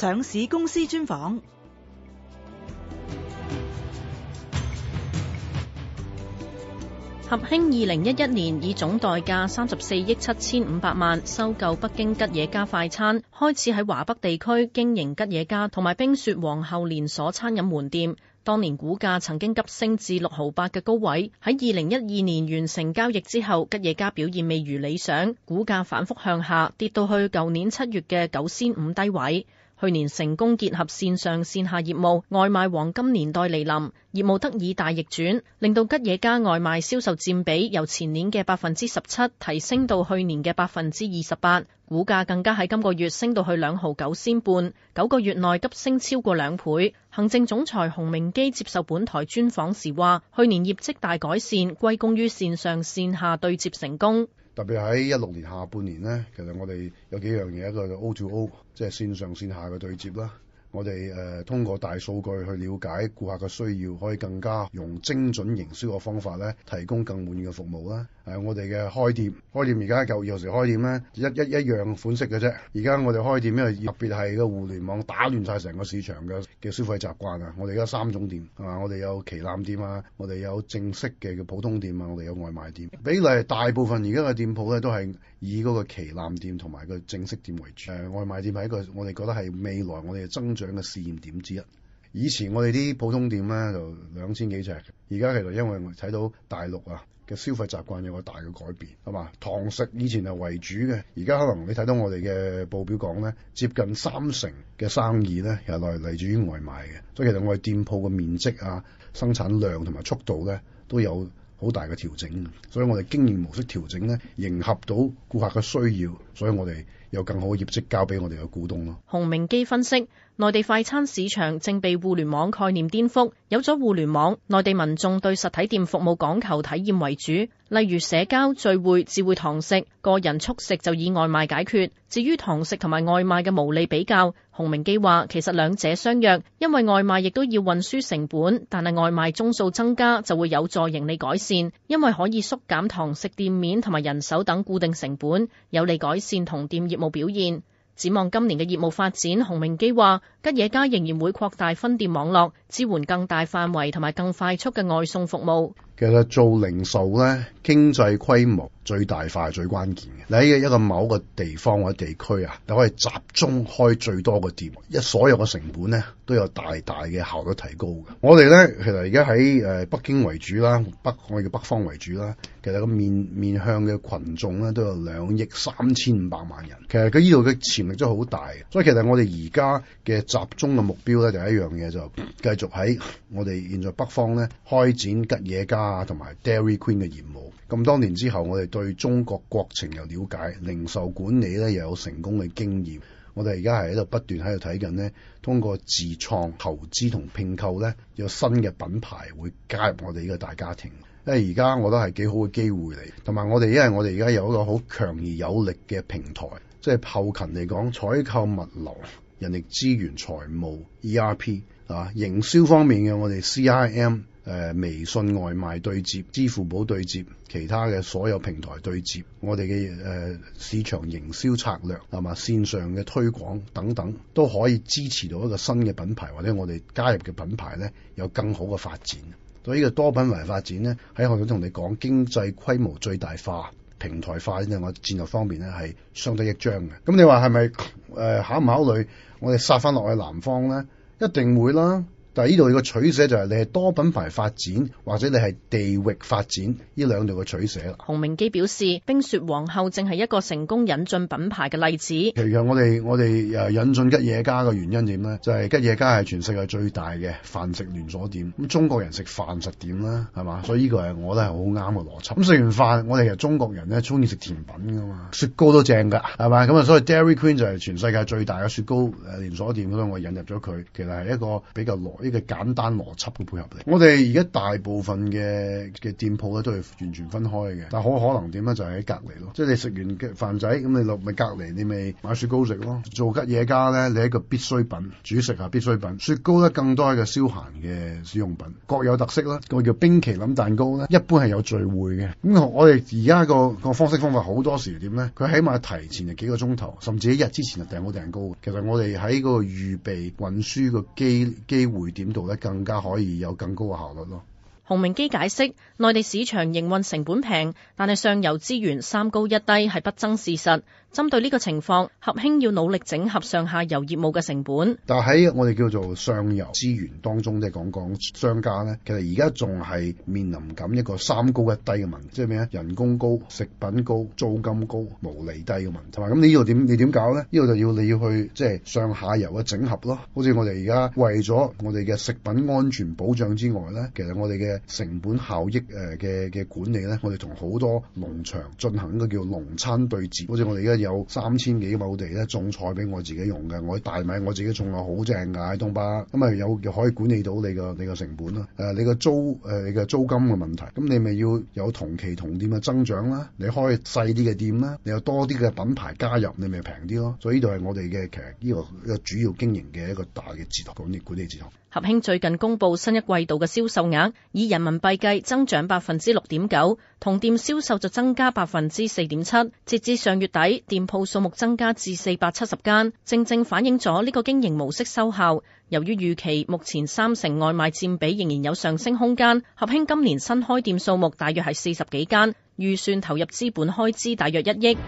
上市公司專訪合興二零一一年以總代價三十四億七千五百萬收購北京吉野家快餐，開始喺華北地區經營吉野家同埋冰雪皇后連鎖餐飲門店。當年股價曾經急升至六毫八嘅高位。喺二零一二年完成交易之後，吉野家表現未如理想，股價反覆向下跌到去舊年七月嘅九仙五低位。去年成功結合線上線下業務，外賣黃金年代來臨，業務得以大逆轉，令到吉野家外賣銷售占比由前年嘅百分之十七提升到去年嘅百分之二十八，股價更加喺今個月升到去兩毫九仙半，九個月內急升超過兩倍。行政總裁洪明基接受本台專訪時話，去年業績大改善，歸功於線上線下對接成功。特別喺一六年下半年咧，其實我哋有幾樣嘢，一個叫做 O to O，即係線上線下嘅對接啦。我哋誒、呃、通過大數據去了解顧客嘅需要，可以更加用精準營銷嘅方法咧，提供更滿意嘅服務啦。誒，我哋嘅開店，開店而家舊舊時候開店咧，一一一樣款式嘅啫。而家我哋開店因為，特別係個互聯網打亂晒成個市場嘅嘅消費習慣啊！我哋而家三種店，係嘛？我哋有旗艦店啊，我哋有正式嘅嘅普通店啊，我哋有外賣店。比例大部分而家嘅店鋪咧，都係以嗰個旗艦店同埋個正式店為主。誒，外賣店係一個我哋覺得係未來我哋嘅增長嘅試驗點之一。以前我哋啲普通店咧就兩千幾呎，而家其實因為睇到大陸啊。嘅消費習慣有個大嘅改變，係嘛？堂食以前係為主嘅，而家可能你睇到我哋嘅報表講咧，接近三成嘅生意咧，又係嚟自於外賣嘅。所以其實我哋店鋪嘅面積啊、生產量同埋速度咧，都有好大嘅調整。所以我哋經營模式調整咧，迎合到顧客嘅需要。所以我哋有更好嘅業績交俾我哋嘅股東咯。洪明基分析，內地快餐市場正被互聯網概念顛覆，有咗互聯網，內地民眾對實體店服務講求體驗為主，例如社交聚會、智會堂食、個人速食就以外賣解決。至於堂食同埋外賣嘅毛利比較，洪明基話其實兩者相若，因為外賣亦都要運輸成本，但係外賣宗數增加就會有助盈利改善，因為可以縮減堂食店面同埋人手等固定成本，有利改善。線同店業務表現，展望今年嘅業務發展，洪明基話，吉野家仍然會擴大分店網絡，支援更大範圍同埋更快速嘅外送服務。其實做零售咧，經濟規模最大化係最關鍵嘅。你喺一個某個地方或者地區啊，你可以集中開最多個店，一所有嘅成本咧都有大大嘅效率提高嘅。我哋咧，其實而家喺誒北京為主啦，北我哋叫北方為主啦。其實個面面向嘅群眾咧都有兩億三千五百萬人。其實佢呢度嘅潛力真係好大，所以其實我哋而家嘅集中嘅目標咧就係一樣嘢、就是，就繼續喺我哋現在北方咧開展吉野家。啊，同埋 Dairy Queen 嘅業務。咁多年之後，我哋對中國國情又了解，零售管理咧又有成功嘅經驗。我哋而家係喺度不斷喺度睇緊呢，通過自創投資同拼購呢，有新嘅品牌會加入我哋呢個大家庭。因為而家我覺得係幾好嘅機會嚟，同埋我哋因為我哋而家有一個好強而有力嘅平台，即係後勤嚟講，採購物流、人力資源、財務、ERP 係嘛，營銷方面嘅我哋 CRM。誒微信外賣對接、支付寶對接、其他嘅所有平台對接，我哋嘅誒市場營銷策略係嘛，線上嘅推廣等等都可以支持到一個新嘅品牌或者我哋加入嘅品牌呢，有更好嘅發展。所以呢個多品牌發展呢，喺我想同你講經濟規模最大化、平台化呢個戰略方面呢，係相得益彰嘅。咁你話係咪誒考唔考慮我哋殺翻落去南方呢？一定會啦。但呢度嘅取捨就係你係多品牌發展，或者你係地域發展呢兩度嘅取捨啦。洪明基表示，冰雪皇后正係一個成功引進品牌嘅例子。其實我哋我哋誒引進吉野家嘅原因點咧，就係吉野家係全世界最大嘅飯食連鎖店。咁中國人食飯實點啦，係嘛？所以呢個係我咧係好啱嘅邏輯。咁食完飯，我哋係中國人咧中意食甜品㗎嘛，雪糕都正㗎，係嘛？咁啊，所以 Dairy Queen 就係全世界最大嘅雪糕誒連鎖店嗰度，我引入咗佢，其實係一個比較耐。呢個簡單邏輯嘅配合嚟，我哋而家大部分嘅嘅店鋪咧都係完全分開嘅，但好可能點咧就係喺隔離咯，即係你食完飯仔咁，你落咪隔離，你咪買雪糕食咯。做吉野家咧，你係一個必需品，主食係必需品，雪糕咧更多係個消閒嘅使用品，各有特色啦。個叫冰淇淋蛋糕咧，一般係有聚會嘅。咁我哋而家個個方式方法好多時點咧，佢起碼提前就幾個鐘頭，甚至一日之前就訂好蛋糕。其實我哋喺個預備運輸個機機會。點做咧？更加可以有更高嘅效率咯。洪明基解釋，內地市場營運成本平，但係上游資源三高一低係不爭事實。針對呢個情況，合興要努力整合上下游業務嘅成本。但係喺我哋叫做上游資源當中，即係講講商家呢，其實而家仲係面臨緊一個三高一低嘅問題，即係咩啊？人工高、食品高、租金高、毛利低嘅問題。咁你呢度點？你點搞呢？呢度就要你要去即係、就是、上下游嘅整合咯。好似我哋而家為咗我哋嘅食品安全保障之外呢，其實我哋嘅成本效益誒嘅嘅管理咧，我哋同好多農場進行一個叫農餐對接，好似我哋而家有三千幾畝地咧種菜俾我自己用嘅，我大米我自己種落好正嘅，東巴咁咪有可以管理到你個你個成本咯，誒、呃、你個租誒、呃、你嘅租金嘅問題，咁你咪要有同期同店嘅增長啦，你開細啲嘅店啦，你有多啲嘅品牌加入，你咪平啲咯，所以呢度係我哋嘅其實呢個一個主要經營嘅一個大嘅戰略管理管理戰略。合興最近公布新一季度嘅銷售額人民幣計增長百分之六點九，同店銷售就增加百分之四點七。截至上月底，店鋪數目增加至四百七十間，正正反映咗呢個經營模式收效。由於預期目前三成外賣佔比仍然有上升空間，合興今年新開店數目大約係四十幾間，預算投入資本開支大約一億。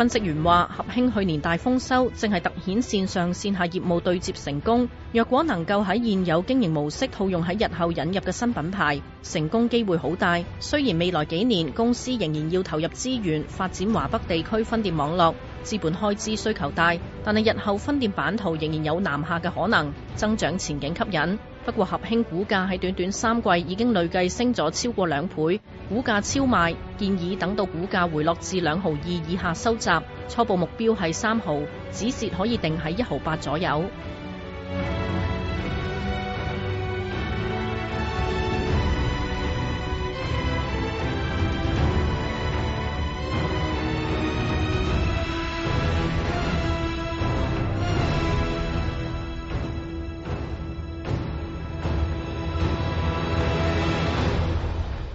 分析員話：合興去年大豐收，正係突顯線上線下業務對接成功。若果能夠喺現有經營模式套用喺日後引入嘅新品牌，成功機會好大。雖然未來幾年公司仍然要投入資源發展華北地區分店網絡，資本開支需求大，但係日後分店版圖仍然有南下嘅可能，增長前景吸引。不過合興股價喺短短三季已經累計升咗超過兩倍，股價超賣，建議等到股價回落至兩毫二以下收集，初步目標係三毫，止蝕可以定喺一毫八左右。